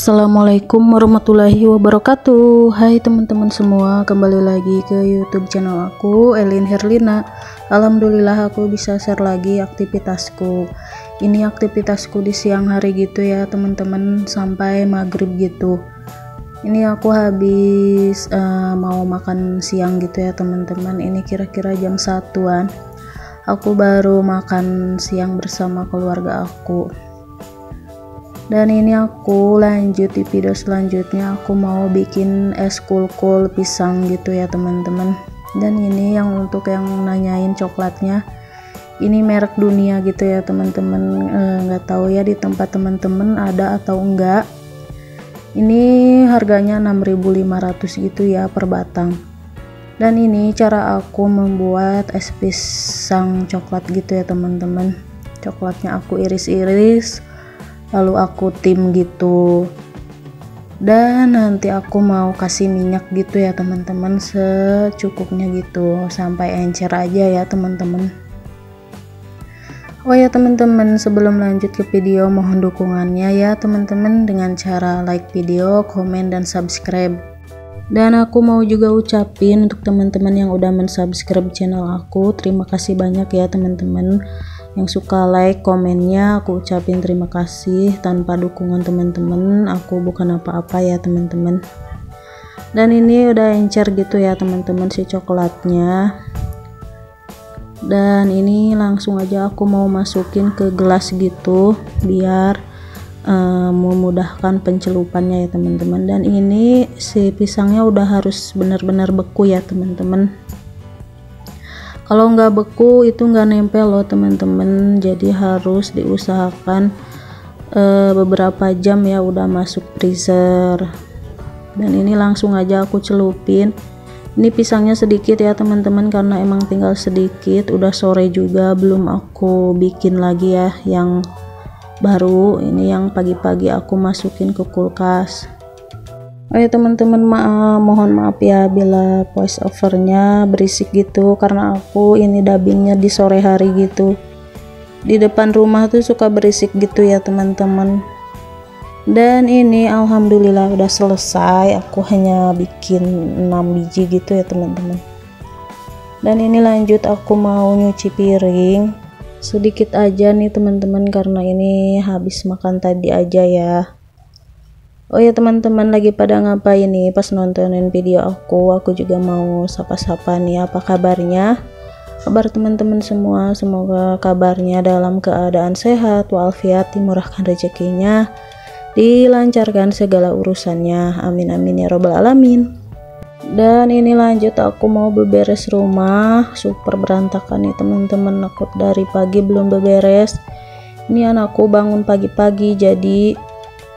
Assalamualaikum warahmatullahi wabarakatuh Hai teman-teman semua Kembali lagi ke youtube channel aku Elin Herlina Alhamdulillah aku bisa share lagi aktivitasku Ini aktivitasku di siang hari gitu ya teman-teman Sampai maghrib gitu Ini aku habis uh, Mau makan siang gitu ya teman-teman Ini kira-kira jam satuan Aku baru makan siang bersama keluarga aku dan ini aku lanjut di video selanjutnya aku mau bikin es kulkul pisang gitu ya teman-teman dan ini yang untuk yang nanyain coklatnya ini merek dunia gitu ya teman-teman eh, nggak -teman. e, tahu ya di tempat teman-teman ada atau enggak ini harganya 6.500 gitu ya per batang dan ini cara aku membuat es pisang coklat gitu ya teman-teman coklatnya aku iris-iris lalu aku tim gitu dan nanti aku mau kasih minyak gitu ya teman-teman secukupnya gitu sampai encer aja ya teman-teman Oh ya teman-teman sebelum lanjut ke video mohon dukungannya ya teman-teman dengan cara like video, komen, dan subscribe dan aku mau juga ucapin untuk teman-teman yang udah mensubscribe channel aku terima kasih banyak ya teman-teman yang suka like komennya aku ucapin terima kasih tanpa dukungan teman-teman aku bukan apa-apa ya teman-teman dan ini udah encer gitu ya teman-teman si coklatnya dan ini langsung aja aku mau masukin ke gelas gitu biar uh, memudahkan pencelupannya ya teman-teman dan ini si pisangnya udah harus benar-benar beku ya teman-teman kalau nggak beku itu nggak nempel loh teman-teman jadi harus diusahakan uh, beberapa jam ya udah masuk freezer dan ini langsung aja aku celupin ini pisangnya sedikit ya teman-teman karena emang tinggal sedikit udah sore juga belum aku bikin lagi ya yang baru ini yang pagi-pagi aku masukin ke kulkas Oke eh, ya teman-teman maaf eh, mohon maaf ya bila voice overnya berisik gitu karena aku ini dubbingnya di sore hari gitu di depan rumah tuh suka berisik gitu ya teman-teman dan ini alhamdulillah udah selesai aku hanya bikin 6 biji gitu ya teman-teman dan ini lanjut aku mau nyuci piring sedikit aja nih teman-teman karena ini habis makan tadi aja ya Oh ya teman-teman lagi pada ngapain nih pas nontonin video aku Aku juga mau sapa-sapa nih apa kabarnya Kabar teman-teman semua semoga kabarnya dalam keadaan sehat Walafiat dimurahkan rezekinya Dilancarkan segala urusannya Amin amin ya robbal alamin dan ini lanjut aku mau beberes rumah super berantakan nih teman-teman aku dari pagi belum beberes ini anakku bangun pagi-pagi jadi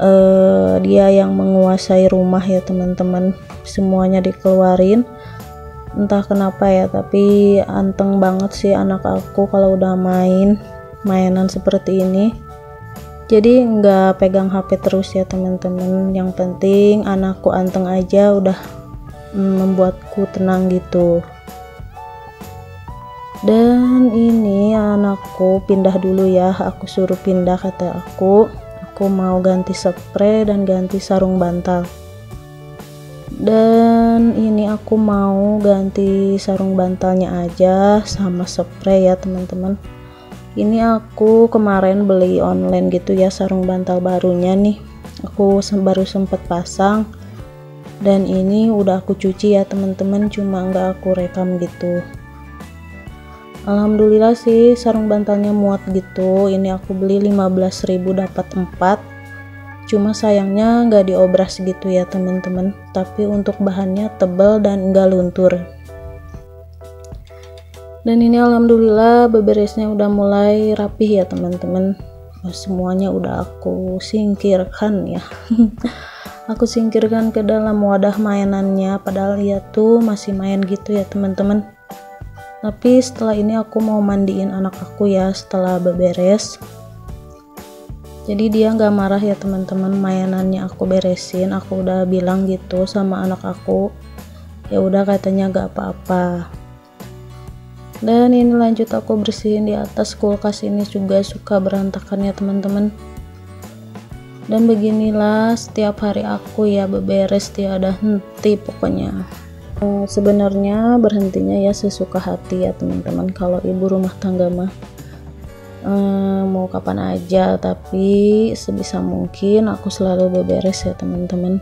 uh, dia yang menguasai rumah ya teman-teman semuanya dikeluarin entah kenapa ya tapi anteng banget sih anak aku kalau udah main mainan seperti ini jadi nggak pegang HP terus ya teman-teman yang penting anakku anteng aja udah mm, membuatku tenang gitu dan ini anakku pindah dulu ya aku suruh pindah kata aku aku mau ganti spray dan ganti sarung bantal dan ini aku mau ganti sarung bantalnya aja sama spray ya teman-teman ini aku kemarin beli online gitu ya sarung bantal barunya nih aku baru sempet pasang dan ini udah aku cuci ya teman-teman cuma nggak aku rekam gitu Alhamdulillah sih sarung bantalnya muat gitu ini aku beli 15.000 dapat 4 cuma sayangnya nggak diobras gitu ya teman-teman. tapi untuk bahannya tebal dan nggak luntur dan ini alhamdulillah beberesnya udah mulai rapih ya teman-teman semuanya udah aku singkirkan ya aku singkirkan ke dalam wadah mainannya padahal ya tuh masih main gitu ya teman-teman tapi setelah ini aku mau mandiin anak aku ya setelah beberes jadi dia nggak marah ya teman-teman mainannya aku beresin aku udah bilang gitu sama anak aku ya udah katanya nggak apa-apa dan ini lanjut aku bersihin di atas kulkas ini juga suka berantakan ya teman-teman dan beginilah setiap hari aku ya beberes tiada henti pokoknya Eh, sebenarnya berhentinya ya sesuka hati ya teman-teman kalau ibu rumah tangga mah eh, mau kapan aja tapi sebisa mungkin aku selalu beberes ya teman-teman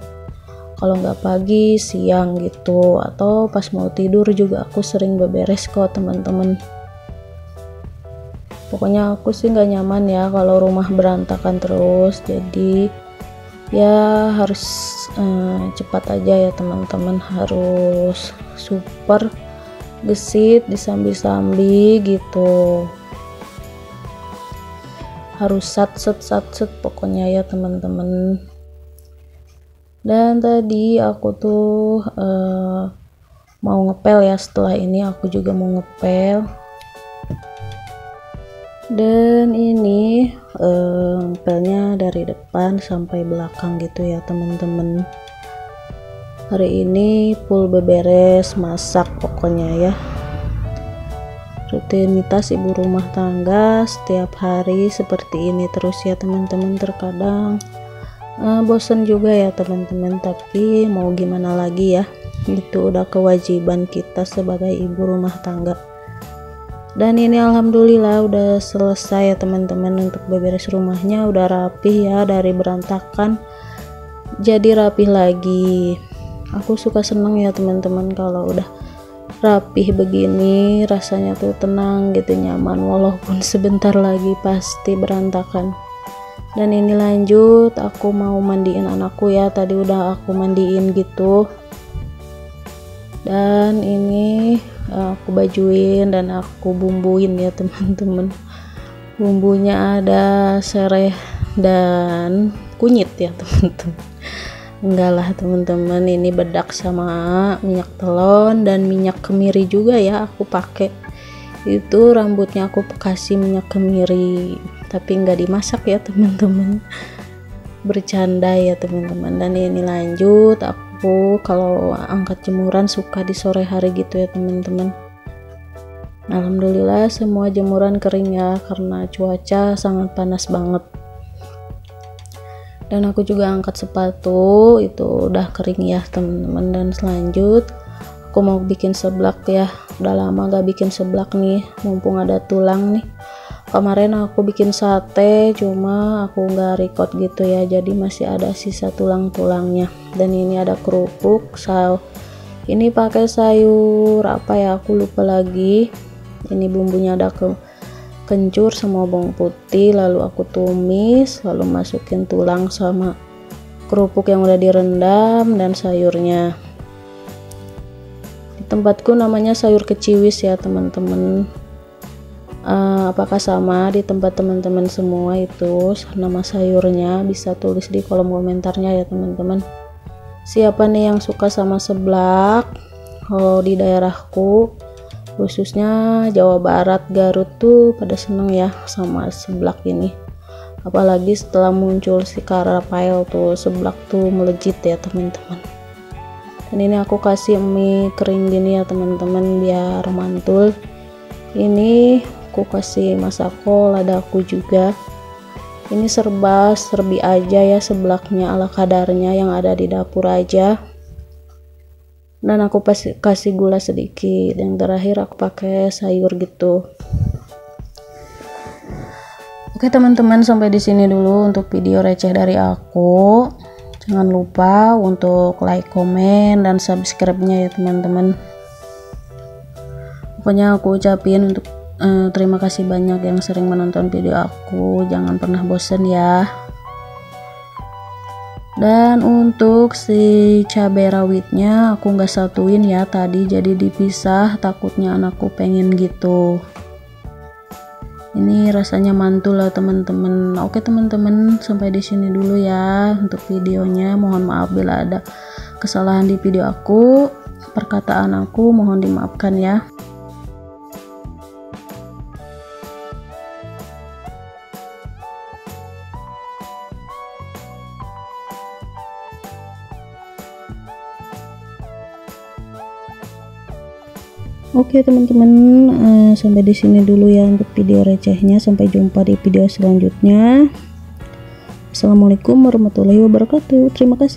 kalau nggak pagi siang gitu atau pas mau tidur juga aku sering beberes kok teman-teman pokoknya aku sih nggak nyaman ya kalau rumah berantakan terus jadi ya harus eh, cepat aja ya teman-teman harus super gesit disambi-sambi gitu harus sat set sat set pokoknya ya teman-teman dan tadi aku tuh eh, mau ngepel ya setelah ini aku juga mau ngepel dan ini um, dari depan sampai belakang gitu ya teman-teman hari ini full beberes masak pokoknya ya rutinitas ibu rumah tangga setiap hari seperti ini terus ya teman-teman terkadang uh, bosen juga ya teman-teman tapi mau gimana lagi ya itu udah kewajiban kita sebagai ibu rumah tangga dan ini alhamdulillah udah selesai ya teman-teman untuk beberes rumahnya udah rapi ya dari berantakan jadi rapi lagi aku suka seneng ya teman-teman kalau udah rapih begini rasanya tuh tenang gitu nyaman walaupun sebentar lagi pasti berantakan dan ini lanjut aku mau mandiin anakku ya tadi udah aku mandiin gitu dan ini aku bajuin dan aku bumbuin ya teman-teman bumbunya ada serai dan kunyit ya teman-teman enggak lah teman-teman ini bedak sama minyak telon dan minyak kemiri juga ya aku pakai itu rambutnya aku kasih minyak kemiri tapi enggak dimasak ya teman-teman bercanda ya teman-teman dan ini lanjut aku aku kalau angkat jemuran suka di sore hari gitu ya teman-teman Alhamdulillah semua jemuran kering ya karena cuaca sangat panas banget dan aku juga angkat sepatu itu udah kering ya teman-teman dan selanjut aku mau bikin seblak ya udah lama gak bikin seblak nih mumpung ada tulang nih kemarin aku bikin sate cuma aku nggak record gitu ya jadi masih ada sisa tulang-tulangnya dan ini ada kerupuk sayur ini pakai sayur apa ya aku lupa lagi ini bumbunya ada ke kencur semua bawang putih lalu aku tumis lalu masukin tulang sama kerupuk yang udah direndam dan sayurnya di tempatku namanya sayur keciwis ya teman-teman uh, apakah sama di tempat teman-teman semua itu nama sayurnya bisa tulis di kolom komentarnya ya teman-teman siapa nih yang suka sama seblak kalau di daerahku khususnya Jawa Barat Garut tuh pada seneng ya sama seblak ini apalagi setelah muncul si Karapail tuh seblak tuh melejit ya teman-teman dan ini aku kasih mie kering gini ya teman-teman biar mantul ini aku kasih masako lada aku juga ini serba serbi aja ya sebelaknya ala kadarnya yang ada di dapur aja dan aku pasti kasih gula sedikit yang terakhir aku pakai sayur gitu oke teman-teman sampai di sini dulu untuk video receh dari aku jangan lupa untuk like komen dan subscribe nya ya teman-teman pokoknya aku ucapin untuk uh, terima kasih banyak yang sering menonton video aku jangan pernah bosen ya dan untuk si cabai rawitnya aku nggak satuin ya tadi jadi dipisah takutnya anakku pengen gitu ini rasanya mantul lah teman-teman oke teman-teman sampai di sini dulu ya untuk videonya mohon maaf bila ada kesalahan di video aku perkataan aku mohon dimaafkan ya Oke teman-teman uh, sampai di sini dulu ya untuk video recehnya sampai jumpa di video selanjutnya Assalamualaikum warahmatullahi wabarakatuh terima kasih